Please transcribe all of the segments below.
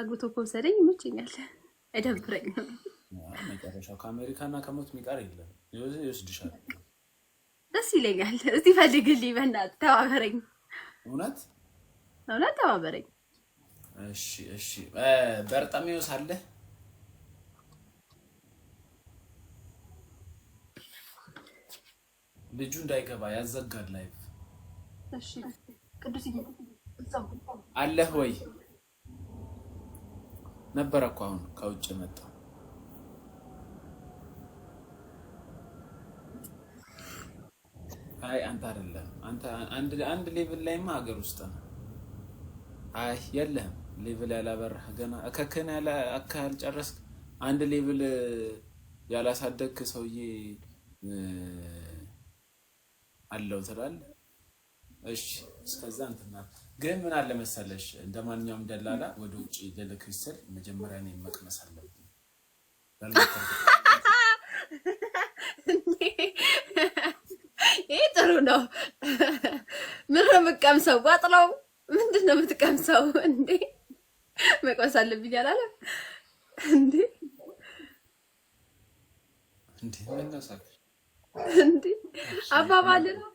አግብቶ ከወሰደኝ ይመቸኛል፣ አይደብረኝ። መጨረሻው ከአሜሪካና ከሞት የሚቀር የለም፣ ይወስድሻል። ደስ ይለኛል። እስቲ ፈልግልኝ፣ በእናትህ ተባበረኝ። እውነት እውነት ተባበረኝ። እሺ እሺ። በርጠሚዎስ አለ ልጁ እንዳይገባ ያዘጋል። ላይፍ እሺ። ቅዱስ አለህ ወይ? ነበረ እኮ አሁን ከውጭ መጣ። አይ አንተ አይደለም አንተ አንድ አንድ ሌቭል ላይማ ሀገር ውስጥ ነው። አይ የለህም ሌቭል ያላበራህ ገና እከክን አካል ጨረስክ። አንድ ሌቭል ያላሳደግክ ሰውዬ አለው ትላለህ። እሺ እስከዛ እንትናት ግን ምን አለ መሰለሽ እንደ ማንኛውም ደላላ ወደ ውጭ ልልክሽ ስል መጀመሪያ እኔን መቅመስ አለብኝ። ይህ ጥሩ ነው። ምን ነው የምትቀምሰው? ዋጥለው ምንድን ነው የምትቀምሰው? እንዴ መቅመስ አለብኝ አላለ እንዴ እንዴ አባባል ነው።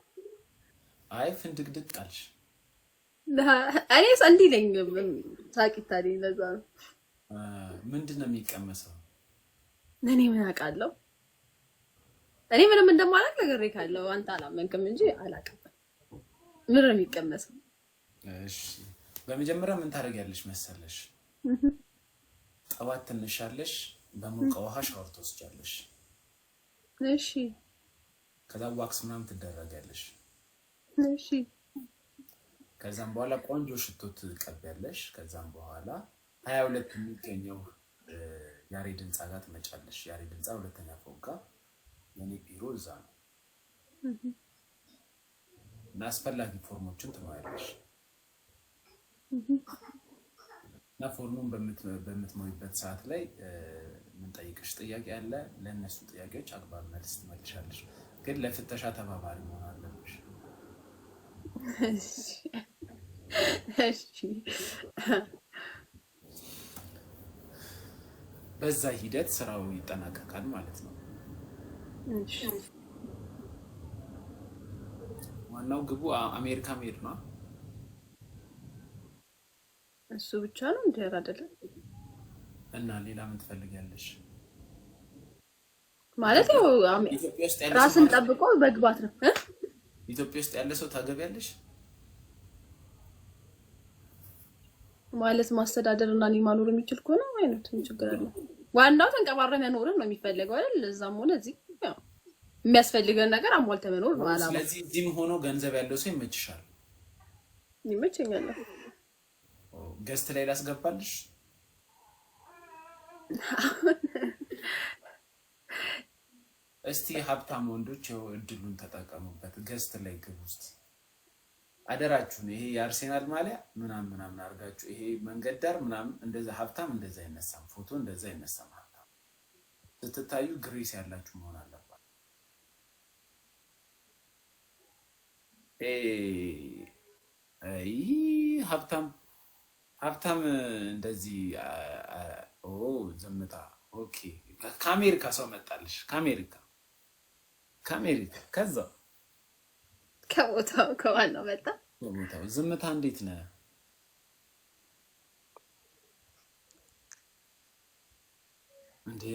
አይ ፍንድግድቅ አልሽ እኔ እንዲህ ነኝ። ሳቂታ ነኝ። ለዛ ነው። ምንድን ነው የሚቀመሰው? እኔ ምን አውቃለሁ? እኔ ምንም እንደማላውቅ ነገር ካለው አንተ አላመንክም እንጂ አላውቅም። ምን ነው የሚቀመሰው? እሺ፣ በመጀመሪያ ምን ታደርጊያለሽ መሰለሽ? ጠዋት ትንሻለሽ፣ በሞቀ ውሃ ሻወር ትወስጃለሽ። እሺ፣ ከዛ ዋክስ ምናምን ትደረጋለሽ። እሺ ከዛም በኋላ ቆንጆ ሽቶ ትቀቢያለሽ። ከዛም በኋላ ሀያ ሁለት የሚገኘው ያሬድ ህንፃ ጋር ትመጫለሽ። ያሬድ ህንፃ ሁለተኛ ፎቅ ጋር የኔ ቢሮ እዛ ነው እና አስፈላጊ ፎርሞችን ትሞያለሽ እና ፎርሙን በምትሞይበት ሰዓት ላይ የምንጠይቅሽ ጥያቄ አለ። ለእነሱ ጥያቄዎች አግባብ መልስ ትመልሻለሽ። ግን ለፍተሻ ተባባሪ መሆን አለብን። በዛ ሂደት ስራው ይጠናቀቃል ማለት ነው። ዋናው ግቡ አሜሪካ መሄድ ነው። እሱ ብቻ ነው እንዲ አይደለም። እና ሌላ ምን ትፈልጊያለሽ? ማለት ያው ራስን ጠብቆ መግባት ነው። ኢትዮጵያ ውስጥ ያለ ሰው ታገቢያለሽ ማለት ማስተዳደር እና እኔ ማኖር የሚችል ከሆነ አይነት ችግር አለ። ዋናው ተንቀባረ መኖር ነው የሚፈልገው አይደል? እዛም ሆነ እዚህ የሚያስፈልገን ነገር አሟልተ መኖር ነው አላማ። ስለዚህ እዚህም ሆኖ ገንዘብ ያለው ሰው ይመችሻል። ይመቸኛል። ገዝት ላይ ላስገባልሽ እስቲ ሀብታም ወንዶች እድሉን ተጠቀሙበት፣ ገስት ላይ ግብ ውስጥ አደራችሁን። ይሄ የአርሴናል ማሊያ ምናምን ምናምን አድርጋችሁ ይሄ መንገድ ዳር ምናምን እንደዛ ሀብታም እንደዛ አይነሳም፣ ፎቶ እንደዛ አይነሳም። ሀብታም ስትታዩ ግሬስ ያላችሁ መሆን አለባችሁ። ሀብታም ሀብታም እንደዚህ ዝምታ ኦኬ። ከአሜሪካ ሰው መጣልሽ ከአሜሪካ ከአሜሪካ ከዛ ከቦታው ከዋናው መጣ። ከቦታው ዝምታ እንዴት ነ እንዴ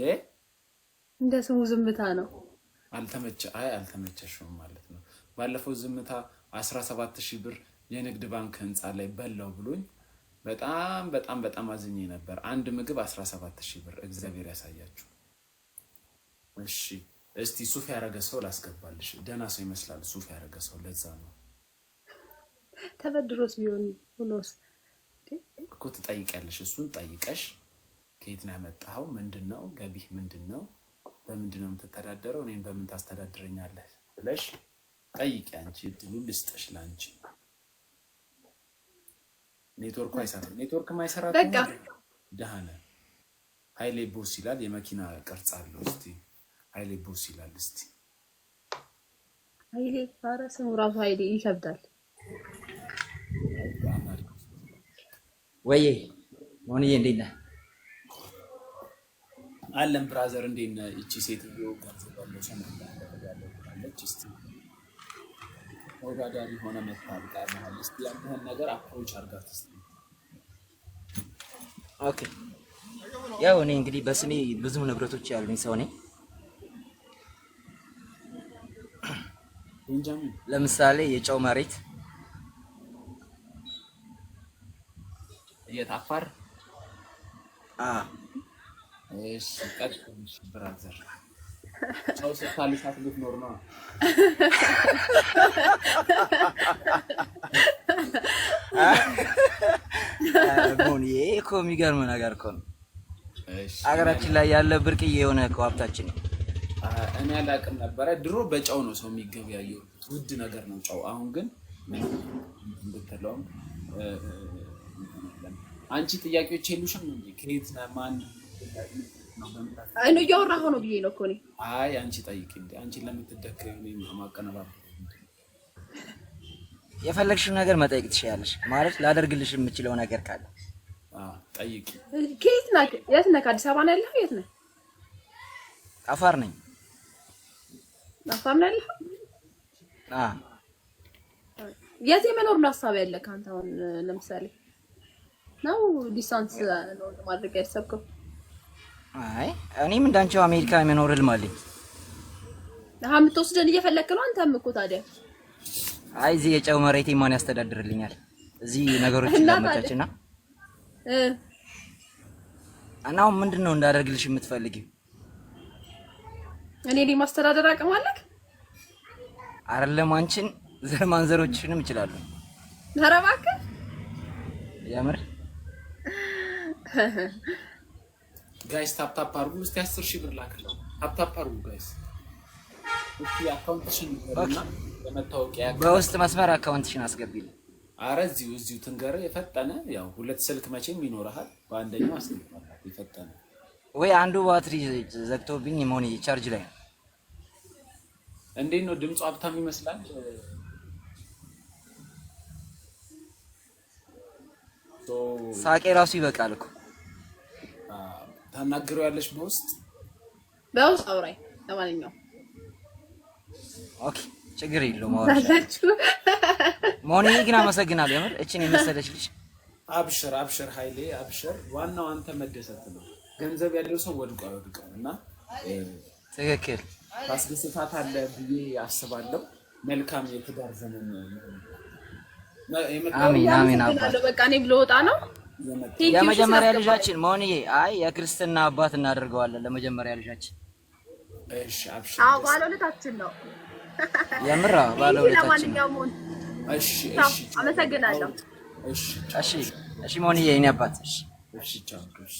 እንደ ስሙ ዝምታ ነው። አልተመቸ አይ አልተመቸሽም ማለት ነው። ባለፈው ዝምታ 17000 ሺህ ብር የንግድ ባንክ ህንፃ ላይ በላው ብሎኝ በጣም በጣም በጣም አዝኜ ነበር። አንድ ምግብ 17000 ሺህ ብር እግዚአብሔር ያሳያችሁ። እሺ እስቲ ሱፍ ያደረገ ሰው ላስገባልሽ። ደህና ሰው ይመስላል ሱፍ ያደረገ ሰው። ለዛ ነው ተበድሮስ ቢሆን ሆኖስ እኮ ትጠይቂያለሽ። እሱን ጠይቀሽ ከየት ነው ያመጣኸው? ምንድን ነው ገቢህ? ምንድን ነው በምንድን ነው የምትተዳደረው? እኔም በምን ታስተዳድረኛለህ ብለሽ ጠይቂ። አንቺ እድሉ ልስጠሽ ለአንቺ። ኔትወርኩ አይሰራ ኔትወርክ ማይሰራ ደህና ሀይሌ ቦስ ይላል። የመኪና ቅርጽ አለው። እስቲ ኃይሌ ቦስ ይላል። እስቲ ኃይሌ ኧረ ስሙ ራሱ ኃይሌ ይከብዳል። ወይዬ ሆንዬ እንዴት ነህ? አለም ብራዘር እንዴት ነህ? እቺ ሴትዮ ተወዳዳሪ ሆነ መታወቃ ያል ስ ያለህን ነገር አፕሮች አድርጋት ስ ኦኬ። ያው እኔ እንግዲህ በስሜ ብዙ ንብረቶች ያሉኝ ሰው ነኝ። ለምሳሌ የጨው መሬት የት አፋር? እሺ ቀጥሽ ብራዘር ጨው ይሄ እኮ የሚገርም ነገር እኮ ነው። ሀገራችን ላይ ያለ ብርቅዬ የሆነ ሀብታችን ነው። እኔ አላቅም ነበረ። ድሮ በጨው ነው ሰው የሚገበያየው፣ ውድ ነገር ነው ጨው። አሁን ግን ብትለውም አንቺ ጥያቄዎች የሉሽም እ ከየት ማን እያወራሁ ሆኖ ብዬ ነው እኮ እኔ። አይ አንቺ ጠይቂ እንዲ አንቺ ለምትደክ ማቀነባብ የፈለግሽው ነገር መጠየቅ ትችላለሽ። ማለት ላደርግልሽ የምችለው ነገር ካለ ጠይቂ። ከየት ነህ? የት ነህ? ከአዲስ አበባ ነው ያለኸው? የት ነህ? አፋር ነኝ። ናፍታም ላይ አለህ? አዎ። የት የመኖር ሀሳብ ያለህ አንተ አሁን ለምሳሌ ነው ዲስታንስ ነው ማድረግ ያሰብከው? አይ እኔም እንዳንቺው አሜሪካ የመኖር ህልም አለኝ። አሃ የምትወስደን እየፈለክ ነው አንተም እኮ ታዲያ። አይ እዚህ የጨው መሬቴ ማን ያስተዳድርልኛል? እዚህ ነገሮች እንዳመቻችና እና አሁን ምንድን ነው እንዳደርግልሽ የምትፈልጊው? እኔ ላይ ማስተዳደር አቅም አለክ አይደለም? አንቺን ዘር ማንዘሮችንም ይችላሉ። ኧረ እባክህ የምር ጋይስ ታፕ ታፕ አድርጉ። እስቲ 10 ሺህ ብር ላክለው። ታፕ ታፕ አድርጉ ጋይስ። እስቲ አካውንትሽን እና ለመታወቂያ በውስጥ መስመር አካውንትሽን አስገቢልኝ። አረ እዚሁ እዚሁ ትንገረ የፈጠነ ያው ሁለት ስልክ መቼም ይኖርሃል። በአንደኛው አስገባላት የፈጠነ ወይ አንዱ ባትሪ ዘግቶብኝ መሆን ቻርጅ ላይ ነው። እንዴት ነው ድምፁ? ሀብታም ይመስላል። ሳቄ ራሱ ይበቃል እኮ ታናግረው ያለች በውስጥ በውስጥ አውራኝ። ለማንኛውም ኦኬ፣ ችግር የለውም መሆኔ ግን አመሰግናለሁ። የምር እችን የመሰለች ልጅ። አብሽር አብሽር ኃይሌ አብሽር። ዋናው አንተ መደሰት ነው። ገንዘብ ያለው ሰው ወድቆ አይወድቅም እና ትክክል ታስደስታት አለ ብዬ አስባለሁ። መልካም የትዳር ዘመን በቃ እኔ ብለወጣ ነው የመጀመሪያ ልጃችን መሆንዬ። አይ የክርስትና አባት እናደርገዋለን ለመጀመሪያ ልጃችን። ባለውለታችን ነው የምራ ባለውለታችን። አመሰግናለሁ። እሺ መሆንዬ የእኔ አባት። እሺ